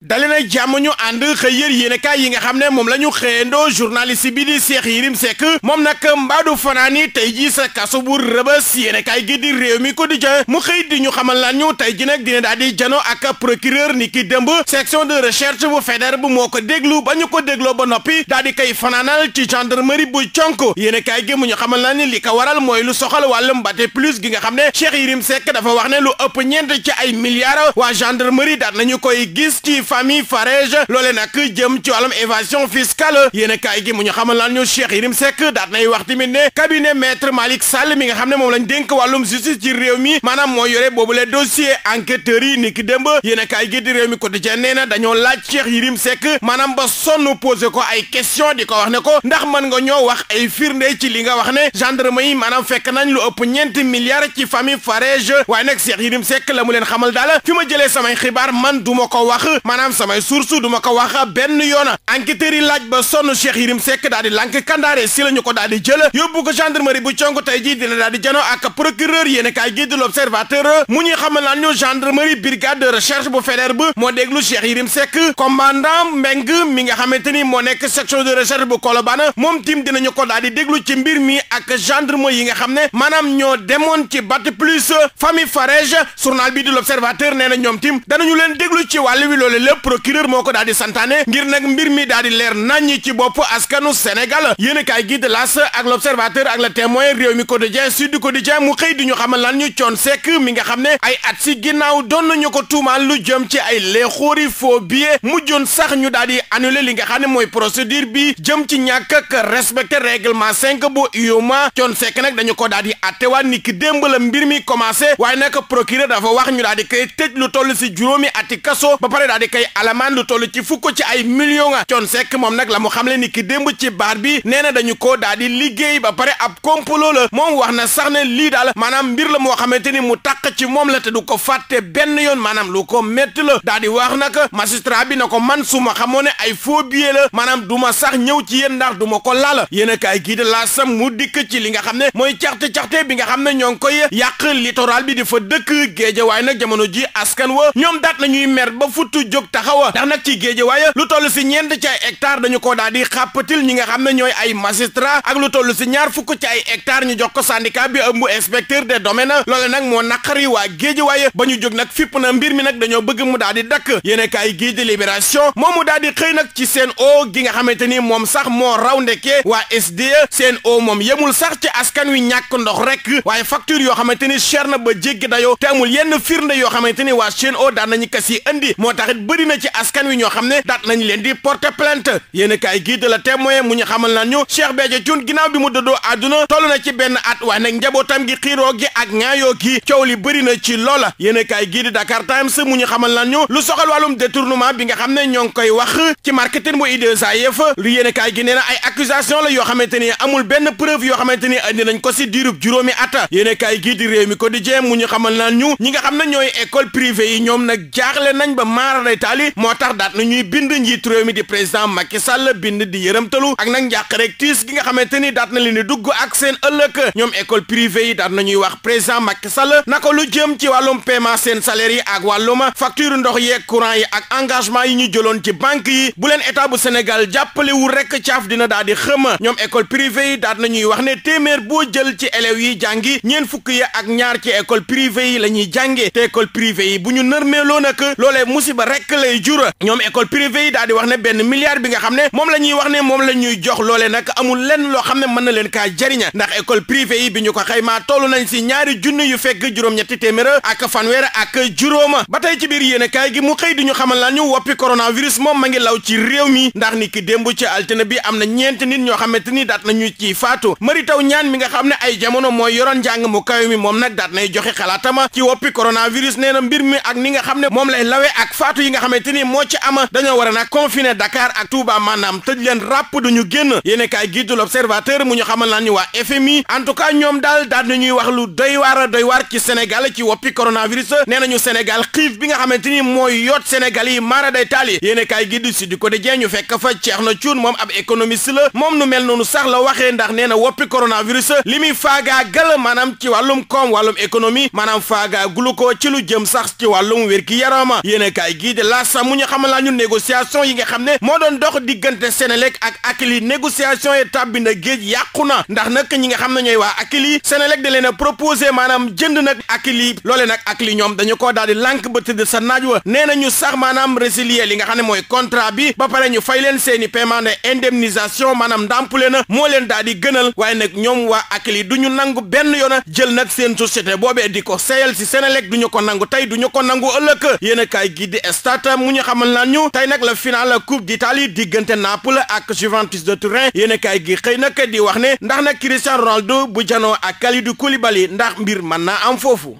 dali na jàmm ñu ànd xëy yër ka yi nga xam ne moom la ñu xëyandoo journaliste bi di Cheikh Yérim Seck moom nag mbaadu fanaani tey jii sa kaso bu rëbës yéenekaay gi di réew mi quotidien mu xëy di ñu xamal lan ñu tey ji nag dina daal di jano ak procureur ni ki dëmb section de recherche bu fédéral bu moo ko déglu ba ñu ko dégloo ba noppi daal di koy fanaanal ci gendarmerie bu conk yéenekaay gi mu ñu xamal lan ni li ka waral mooy lu soxal wàllum Mbaté plus gi nga xam ne Cheikh Yérim Seck dafa wax ne lu ëpp ñeent ci ay milliards waa gendarmerie daal nañu koy gis famille Farage loole nag jëm ci wàllum évasion fiscale yéen a kaay gi mu ñu xamal laan ñu Cheikh Yérim Seck daat nay wax tamit ne cabinet maître Malick Sall mi nga xam ne moom lañ dénk wàllum justice ci réew mi maanaam moo yore boobu le dossier enquêteurs yi ni ki démb yéen a kaay gi di réew mi quotidien nee na dañoo laaj Cheikh Yérim sekk maanaam ba sonn posé ko ay question di ko wax ne ko ndax mën nga ñoo wax ay firnde ci li nga wax ne gendarme yi maanaam fekk nañ lu ëpp ñeenti milliards ci famille Farage waaye nag Cheikh Yérim Seck la mu leen xamal daal fi ma jëlee samay xibaar man du ko wax maanaam samay source du ma ko benn yoon enquêteurs laaj ba sonn Cheikh Yérim Seck daal di lànk kandaare si la ñu ko daal di jël yóbbu ko gendarmerie bu conk tey ji dina daal di jano ak procureur yéen kaay gi di mu ñuy xamal naan ñu gendarmerie brigade de recherche bu fédère bu moo déglu Cheikh Yérim Seck commandant Mbeng mi nga xamante ni moo nekk section de recherche bu Colobane moom tim dinañu ko daal di ci mbir mi ak gendarme yi nga xam ne maanaam ñoo demoon ci bat plus famille Farège journal bi di l'observateur nee na ñoom tim danañu lépp procureur moo ko daal di santaane ngir nag mbir mi daal di leer naññ ci bopp askanu Sénégal yéen kaay gi de L'As ak L'Observateur ak Le Témoin réew mi quotidien Sud Quotidien mu xëy di ñu xamal lan ñu coon sekk mi nga xam ne ay at si ginnaaw doon nañu ko tuumaal lu jëm ci ay léexoori faux mu joon sax ñu daal di annulé li nga xam ne mooy procédure bi jëm ci ñàkk ak respecté règlement 5 bu UEMOA coon sekk nag dañu ko daal di attewaat ni ki démb la mbir mi commencé waaye nag procureur dafa wax ñu daal di lu toll si juróomi ati kaso ba koy alamaan lu toll ci fukk ci ay millions nga coon sekk moom nag la mu xamle ni ki démb ci baar bi nee na dañu koo daal di liggéey ba pare ab complot la moom wax na sax ne lii daal maanaam mbir la moo xamante ni mu tàq ci moom la te du ko te benn yoon maanaam lu ko métti la daal di wax nag magistrat bi na ko man su ma xamoon ne ay faux billets la maanaam du ma sax ñëw ci yéen ndax du ma ko laal yéen a kaay gii de la sam mu dikk ci li nga xam ne mooy caxte caxte bi nga xam ne ñoo ngi koy yàq littoral bi di fa dëkk géejawaay nag jamono ji askan wa ñoom daat nañuy mer ba futtu jóg jóg taxawa ndax nag ci Géejawaay lu toll si ñeent ci ay hectare dañu ko daal di xàppatil ñi nga xam ne ñooy ay magistrat ak lu toll si ñaar fukk ci ay hectare ñu jox ko syndicat bi ëmb inspecteur des domaines loole nag moo naqari waa Géejawaay ba ñu jóg nag fipp na mbir mi nag dañoo bëgg mu daal di dakk yéene kaay gii di libération moom mu daal di xëy nag ci seen o gi nga xamante ni moom sax moo raw ndekkee waa SDE seen o moom yemul sax ci askan wi ñàkk ndox rek waaye facture yoo xamante ni cher na ba jéggi dayoo te amul yenn firnde yoo xamante ni waa seen o daan nañu kas yi indi bëri na ci askan wi ñoo xam ne daat nañ leen di porter plainte yéen a kaay gii de la témoin mu ñu xamal naan ñu Cheikh Béthio Thioune ginnaaw bi mu dëddoo àdduna toll na ci benn at waaye njabootam gi xiiroo gi ak ŋaayoo gi coow li bëri na ci loola yéen a kaay Dakar Times mu ñu xamal naan ñu lu soxal wàllum détournement bi nga xam ne ñoo ngi koy wax ci marketing bu IAAF lu yéen a kaay gi nee na la yoo xamante ni amul benn preuve yoo xamante ni andi nañ ko a kaay gii di réew mi quotidien mu ñu xamal naan ñu ñi nga xam ne ñooy école privée yi ñoom Italie moo tax daat na ñuy bind njiitu réew mi di président Macky Sall bind di yërëmtalu ak nag njàq rek tiis gi nga xamante ni daat na leen di dugg ak seen ëllëg ñoom école privée yi daat na ñuy wax président Macky Sall naka lu jëm ci wàllum paiement seen salaire yi ak wàllum facture ndox yee courant yi ak engagement yi ñu jëloon ci banque yi bu leen état bu Sénégal jàppale wu rek caaf dina daal di xëma ñoom école privée yi daat na ñuy wax ne téeméer boo jël ci élèves yi jàngi ñeen fukk yi ak ñaar ci école privée yi la ñuy jànge te école privée yi bu ñu nërmeeloo nag loolee musiba rek lekk lay jur ñoom école privée yi daal di wax ne benn milliard bi nga xam ne moom la wax ne moom la jox loole nag amul lenn loo xam ne mën na leen kaa jariña ndax école privée yi bi ñu ko xaymaa toll nañ si ñaari junni yu fekk juróom-ñetti téeméer ak fanweer ak juróoma ba tey ci biir yéen kaay gi mu xëy di ñu xamal la ñu woppi coronavirus moom ma ngi law ci réew mi ndax ni ki démb ci altine bi am na ñeenti nit ñoo xamante ni daat nañu ci faatu mari taw mi nga xam ne ay jamono mooy yoroon njàng mu kaw mi moom nag daat nay joxe xalaatama ci woppi coronavirus nee na mbir moom lay lawee nga xamante ni moo ci am dañoo war a nag confiner Dakar ak Touba maanaam tëj leen ñu duñu génn yéene kaay gi du l'Observateur mu ñu xamal naa ñu waa FMI en tout cas ñoom daal daal nañuy wax lu doy waar doy waar ci Sénégal ci woppi coronavirus nee ñu senegal xiif bi nga xamante ni mooy yoot Sénégal yi maara day taal yi yéene kaay gi du Sud Quotidien ñu fekk fa Cheikhna Thioune moom ab économiste la moom nu mel noonu sax la waxee ndax nee na woppi coronavirus li muy faagaagal maanaam ci wàllum koom wàllum économie maanaam faagaagulu ko ci lu jëm sax ci wàllum wér-gi-yaram laas mu ñu xamal laa ñu négociation yi nga xam ne moo doon dox diggante Sénélec ak Akilee négociation yi tàbbi na géej yàqu na ndax nag ñi nga xam ne ñooy waa Akilee Sénélec da leen a proposé maanaam jënd nag Akilee loole nag Akilee ñoom dañu koo daal di lànk ba tëdd sa naaj wa nee nañu sax maanaam résilier li nga xam ne mooy kontra bi ba pare ñu fay leen seeni paiement de indemnisation maanaam ndàmpule na moo leen daal di gënal waaye nag ñoom waa Akilee du ñu nangu benn yoon jël nag seen société di ko seyal si Sénélec du ñu ko nangu tey du ñu ko nangu a stade mu ñu xamal naan ñu tey nag la finale coupe d'Italie diggante Naples ak Juventus de Turin yéen a kaay gi xëy nag di wax ne ndax nag Cristiano Ronaldo bu janoo a kali ak Kalidou Koulibaly ndax mbir mën naa am foofu.